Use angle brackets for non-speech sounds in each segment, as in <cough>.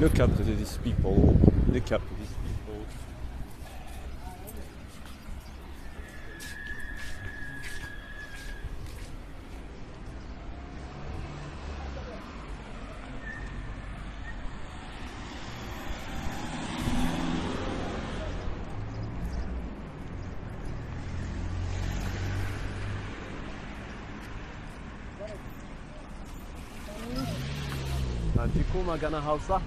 Look up these people. Look up these people. Antikuma Ghana Hausa.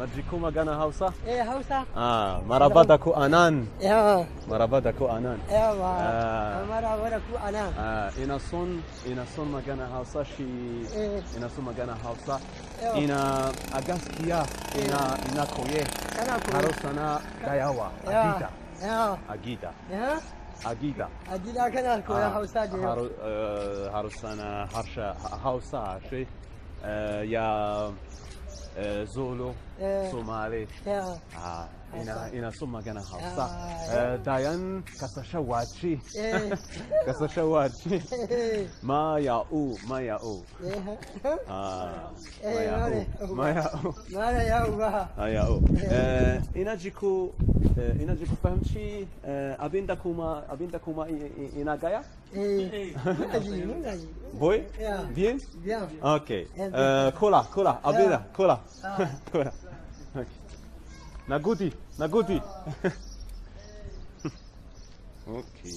مرجيكوما غانا هاوسا ايه هاوسا اه مرابا داكو انان اه مرابا داكو انان اه مرابا داكو انان اه اناسون اناسون ما غانا هاوسا شي اناسون ما غانا هاوسا انا اغاسكيا انا انا كويه اه كان أركو يا هاوسا هرشا هاوسا شي يا زولو سومالي ina ina sun magana hausa dayan kasashawaci kasashawaci ma ya'u ma ya'u ma ya'u ma ya'u ma ya'u ina jiku ina jiku fahimci abinda kuma abinda kuma ina gaya Voy? Bien? Bien. Ok. Cola, cola, abira, cola. No. Ah. <laughs> Naguti, Naguti. ok.